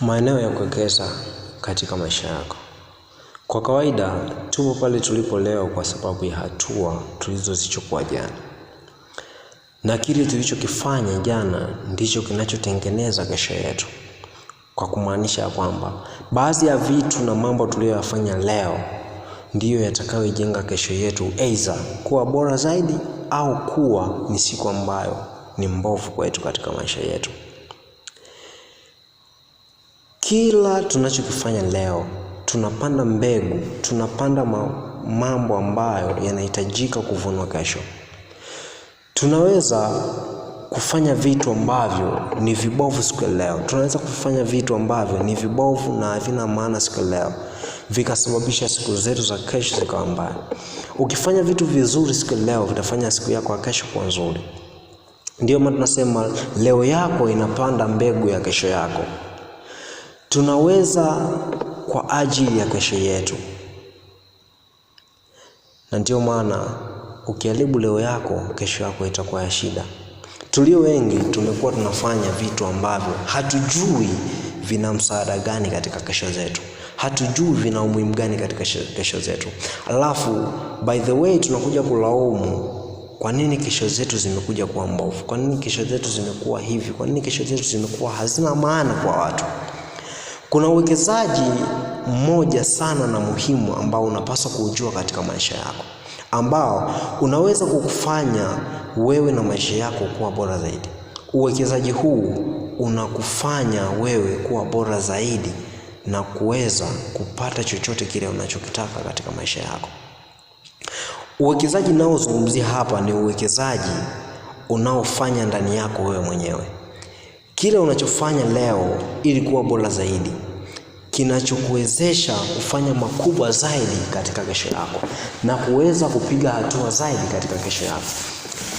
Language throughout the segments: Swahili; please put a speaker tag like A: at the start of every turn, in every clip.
A: Maeneo ya kuwekeza katika maisha yako. Kwa kawaida tupo pale tulipo leo kwa sababu ya hatua tulizozichukua jana, na kile tulichokifanya jana ndicho kinachotengeneza kesho yetu, kwa kumaanisha ya kwamba baadhi ya vitu na mambo tuliyoyafanya leo ndiyo yatakayojenga kesho yetu, aidha kuwa bora zaidi au kuwa ni siku ambayo ni mbovu kwetu katika maisha yetu. Kila tunachokifanya leo, tunapanda mbegu, tunapanda mambo ambayo yanahitajika kuvunwa kesho. Tunaweza kufanya vitu ambavyo ni vibovu siku ya leo, tunaweza kufanya vitu ambavyo ni vibovu na havina maana siku ya leo, vikasababisha siku zetu za kesho zikawa mbaya. Ukifanya vitu vizuri siku ya leo, vitafanya siku yako ya kesho kuwa nzuri. ndio maana tunasema leo yako inapanda mbegu ya kesho yako tunaweza kwa ajili ya kesho yetu, na ndiyo maana ukiharibu leo yako, kesho yako itakuwa ya shida. Tulio wengi tumekuwa tunafanya vitu ambavyo hatujui vina msaada gani katika kesho zetu, hatujui vina umuhimu gani katika kesho zetu. Alafu by the way tunakuja kulaumu kwa nini kesho zetu zimekuja kuwa mbovu, kwa nini kesho zetu zimekuwa hivi, kwa nini kesho zetu zimekuwa hazina maana kwa watu. Kuna uwekezaji mmoja sana na muhimu ambao unapaswa kujua katika maisha yako, ambao unaweza kukufanya wewe na maisha yako kuwa bora zaidi. Uwekezaji huu unakufanya wewe kuwa bora zaidi na kuweza kupata chochote kile unachokitaka katika maisha yako. Uwekezaji naozungumzia hapa ni uwekezaji unaofanya ndani yako wewe mwenyewe, kile unachofanya leo ili kuwa bora zaidi kinachokuwezesha kufanya makubwa zaidi katika kesho yako na kuweza kupiga hatua zaidi katika kesho yako.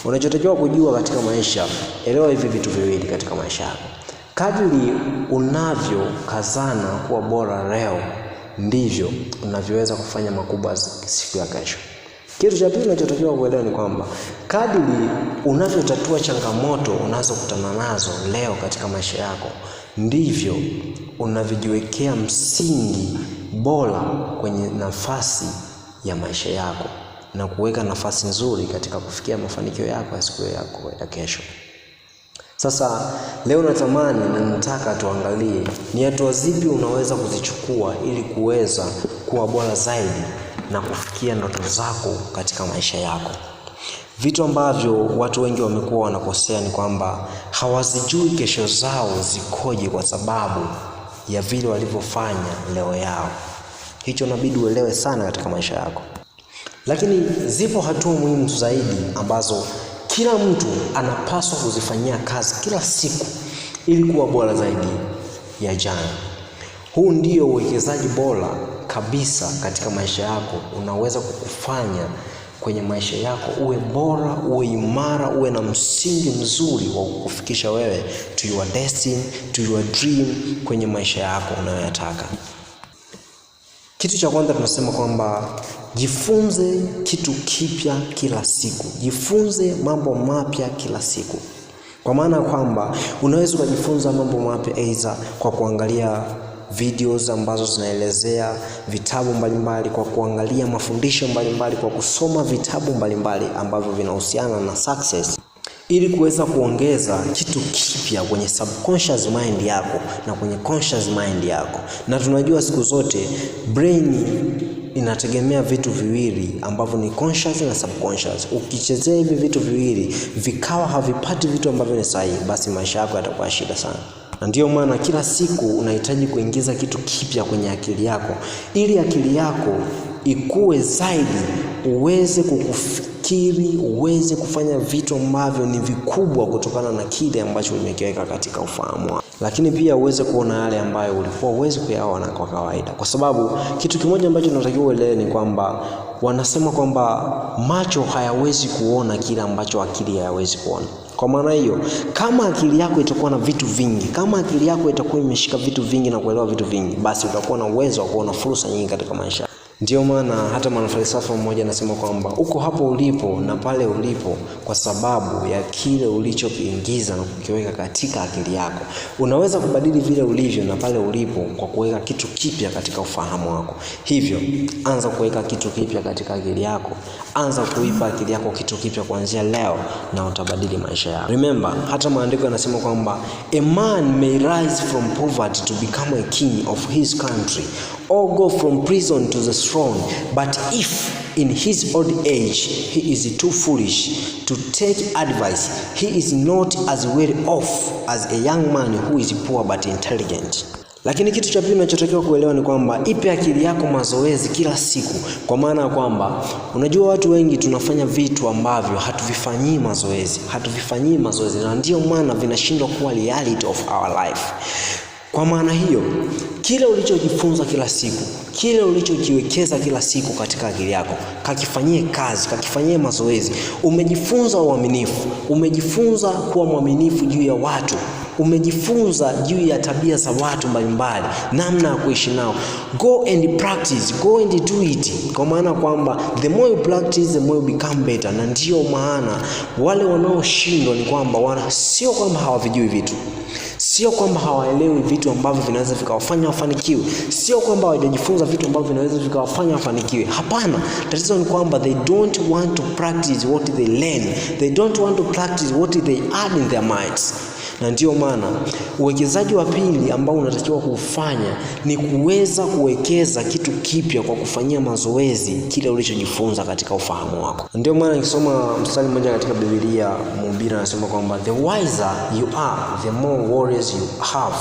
A: Unachotakiwa kujua katika maisha, elewa hivi vitu viwili katika maisha yako. Kadri unavyokazana kuwa bora leo, ndivyo unavyoweza kufanya makubwa siku ya kesho. Kitu cha pili unachotakiwa kuelewa ni kwamba kadri unavyotatua changamoto unazokutana nazo leo katika maisha yako ndivyo unavyojiwekea msingi bora kwenye nafasi ya maisha yako na kuweka nafasi nzuri katika kufikia mafanikio yako ya siku yako ya kesho. Sasa leo natamani na nataka tuangalie ni hatua zipi unaweza kuzichukua ili kuweza kuwa bora zaidi na kufikia ndoto zako katika maisha yako. Vitu ambavyo watu wengi wamekuwa wanakosea ni kwamba hawazijui kesho zao zikoje kwa sababu ya vile walivyofanya leo yao. Hicho nabidi uelewe sana katika maisha yako. Lakini zipo hatua muhimu zaidi ambazo kila mtu anapaswa kuzifanyia kazi kila siku ili kuwa bora zaidi ya jana. Huu ndio uwekezaji bora kabisa katika maisha yako, unaweza kukufanya kwenye maisha yako, uwe bora, uwe imara, uwe na msingi mzuri wa kukufikisha wewe to your destiny, to your dream, kwenye maisha yako unayoyataka. Kitu cha kwanza tunasema kwamba jifunze kitu kipya kila siku, jifunze mambo mapya kila siku, kwa maana ya kwamba unaweza ukajifunza mambo mapya aidha kwa kuangalia videos ambazo zinaelezea vitabu mbalimbali, kwa kuangalia mafundisho mbalimbali, kwa kusoma vitabu mbalimbali ambavyo vinahusiana na success ili kuweza kuongeza kitu kipya kwenye subconscious mind yako na kwenye conscious mind yako. Na tunajua siku zote brain inategemea vitu viwili ambavyo ni conscious na subconscious. Ukichezea hivi vitu viwili vikawa havipati vitu ambavyo ni sahihi, basi maisha yako yatakuwa shida sana na ndiyo maana kila siku unahitaji kuingiza kitu kipya kwenye akili yako, ili akili yako ikue zaidi, uweze kukufikiri, uweze kufanya vitu ambavyo ni vikubwa kutokana na kile ambacho umekiweka katika ufahamu wako, lakini pia uweze kuona yale ambayo ulikuwa uwezi kuyaona kwa kawaida, kwa sababu kitu kimoja ambacho unatakiwa uelewe ni kwamba wanasema kwamba macho hayawezi kuona kile ambacho akili hayawezi kuona. Kwa maana hiyo, kama akili yako itakuwa na vitu vingi, kama akili yako itakuwa imeshika vitu vingi na kuelewa vitu vingi, basi utakuwa na uwezo wa kuona fursa nyingi katika maisha. Ndiyo maana hata mwanafalsafa mmoja anasema kwamba uko hapo ulipo na pale ulipo kwa sababu ya kile ulichokiingiza na kukiweka katika akili yako. Unaweza kubadili vile ulivyo na pale ulipo kwa kuweka kitu kipya katika ufahamu wako. Hivyo anza kuweka kitu kipya katika akili yako, anza kuipa akili yako kitu kipya kuanzia leo, na utabadili maisha yako. Remember, hata maandiko yanasema kwamba a man may rise from poverty to become a king of his country or go from prison to the throne. But if in his old age he is too foolish to take advice, he is not as well off as a young man who is poor but intelligent. Lakini kitu cha pili unachotakiwa kuelewa ni kwamba ipe akili yako mazoezi kila siku, kwa maana ya kwamba unajua, watu wengi tunafanya vitu ambavyo hatuvifanyii mazoezi, hatuvifanyii mazoezi, na ndiyo maana vinashindwa kuwa reality of our life. Kwa maana hiyo kile ulichojifunza kila siku, kile ulichojiwekeza kila siku katika akili yako, kakifanyie kazi, kakifanyie mazoezi. Umejifunza uaminifu, umejifunza kuwa mwaminifu juu ya watu, umejifunza juu ya tabia za watu mbalimbali, namna ya kuishi nao. Go and practice, go and do it, kwa maana kwamba the more you practice the more you become better. Na ndiyo maana wale wanaoshindwa ni kwamba wana, sio kwamba hawavijui vitu Sio kwamba hawaelewi vitu ambavyo vinaweza vikawafanya wafanikiwe, sio kwamba hawajajifunza vitu ambavyo vinaweza vikawafanya wafanikiwe. Hapana, tatizo ni kwamba they don't want to practice what they learn, they don't want to practice what they add in their minds na ndiyo maana uwekezaji wa pili ambao unatakiwa kufanya ni kuweza kuwekeza kitu kipya kwa kufanyia mazoezi kile ulichojifunza katika ufahamu wako. Ndio maana nikisoma mstari mmoja katika Biblia, mhubiri anasema kwamba the wiser you are the more worries you have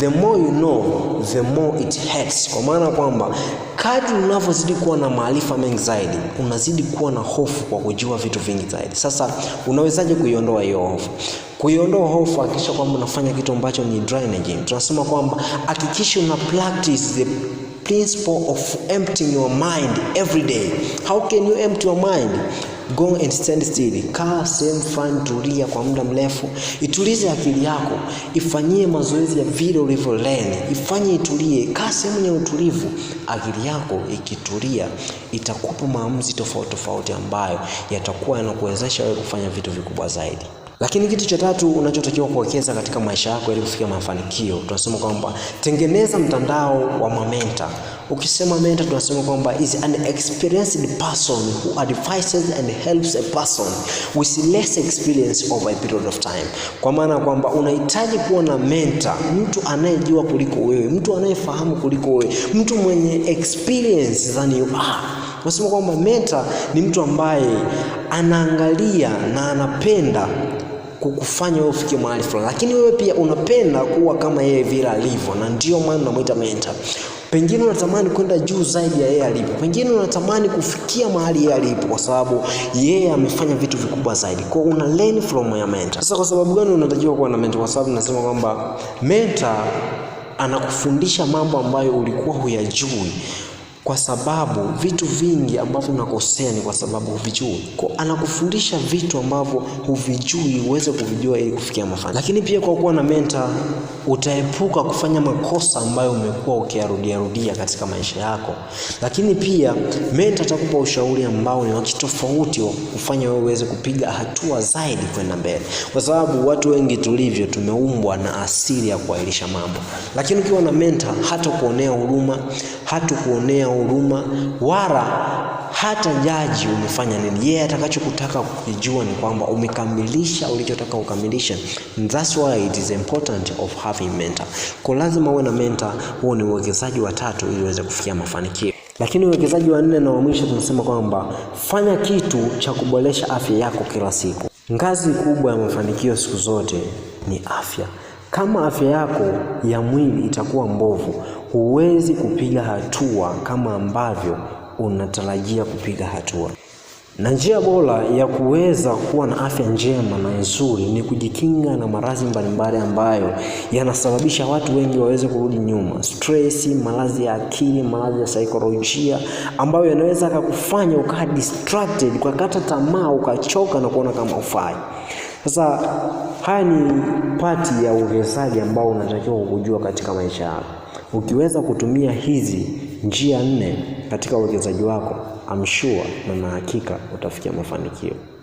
A: the more you know the more it hurts, kwa maana kwamba kadri unavyozidi kuwa na maarifa mengi zaidi unazidi kuwa na hofu kwa kujua vitu vingi zaidi. Sasa unawezaje kuiondoa hiyo hofu? Kuiondoa hofu, hakikisha kwamba unafanya kitu ambacho ni drainage. Tunasema kwamba hakikisha una practice the principle of emptying your mind every day. How can you empty your mind? Go and stand still. Kaa sehemu fulani, tulia kwa muda mrefu, itulize akili yako, ifanyie mazoezi ya vile ulivyoleni, ifanye itulie. Kaa sehemu yenye utulivu. Akili yako ikitulia, itakupa maamuzi tofauti tofauti ambayo yatakuwa yanakuwezesha wewe kufanya vitu vikubwa zaidi. Lakini kitu cha tatu unachotakiwa kuwekeza katika maisha yako ili kufikia mafanikio, tunasema kwamba tengeneza mtandao wa mamenta. Ukisema mentor, tunasema kwamba is an experienced person who advises and helps a person with less experience over a period of time, kwa maana kwamba unahitaji kuwa na mentor, mtu anayejua kuliko wewe, mtu anayefahamu kuliko wewe, mtu mwenye experience than you are. Tunasema kwamba mentor ni mtu ambaye anaangalia na anapenda kukufanya wewe ufike mahali fulani, lakini wewe pia unapenda kuwa kama yeye vile alivyo, na ndio maana namwita mentor. Pengine unatamani kwenda juu zaidi ya yeye alipo, pengine unatamani kufikia mahali yeye alipo, kwa sababu yeye amefanya vitu vikubwa zaidi. Kwa una learn from your mentor. Sasa kwa sababu gani unatakiwa kuwa na mentor? Kwa sababu nasema kwamba mentor anakufundisha mambo ambayo ulikuwa huyajui kwa sababu vitu vingi ambavyo unakosea ni kwa sababu huvijui. Kwa anakufundisha vitu ambavyo huvijui uweze kuvijua ili kufikia mafanikio. Lakini pia kwa kuwa na mentor utaepuka kufanya makosa ambayo umekuwa ukiyarudia rudia katika maisha yako. Lakini pia mentor atakupa ushauri ambao ni wa kitofauti wa kufanya wewe uweze kupiga hatua zaidi kwenda mbele, kwa sababu watu wengi tulivyo tumeumbwa na asili ya kuahirisha mambo, lakini ukiwa na mentor hata kuonea huruma hata kuonea huruma, wala hata jaji umefanya nini. Yeye yeah, atakachokutaka kujua ni kwamba umekamilisha ulichotaka kukamilisha. That's why it is important of having mentor. Kwa lazima uwe na mentor, huo ni uwekezaji wa tatu ili uweze kufikia mafanikio. Lakini uwekezaji wa nne na wa mwisho tunasema kwamba fanya kitu cha kuboresha afya yako kila siku. Ngazi kubwa ya mafanikio siku zote ni afya. Kama afya yako ya mwili itakuwa mbovu, huwezi kupiga hatua kama ambavyo unatarajia kupiga hatua. Na njia bora ya kuweza kuwa na afya njema na nzuri ni kujikinga na maradhi mbalimbali ambayo yanasababisha watu wengi waweze kurudi nyuma. Stress, maradhi ya akili, maradhi ya saikolojia ambayo yanaweza akakufanya ukaa distracted, ukakata tamaa, ukachoka na kuona kama ufai. Sasa haya ni pati ya uwekezaji ambao unatakiwa kujua katika maisha yako. Ukiweza kutumia hizi njia nne katika uwekezaji wako, I'm sure na na hakika utafikia mafanikio.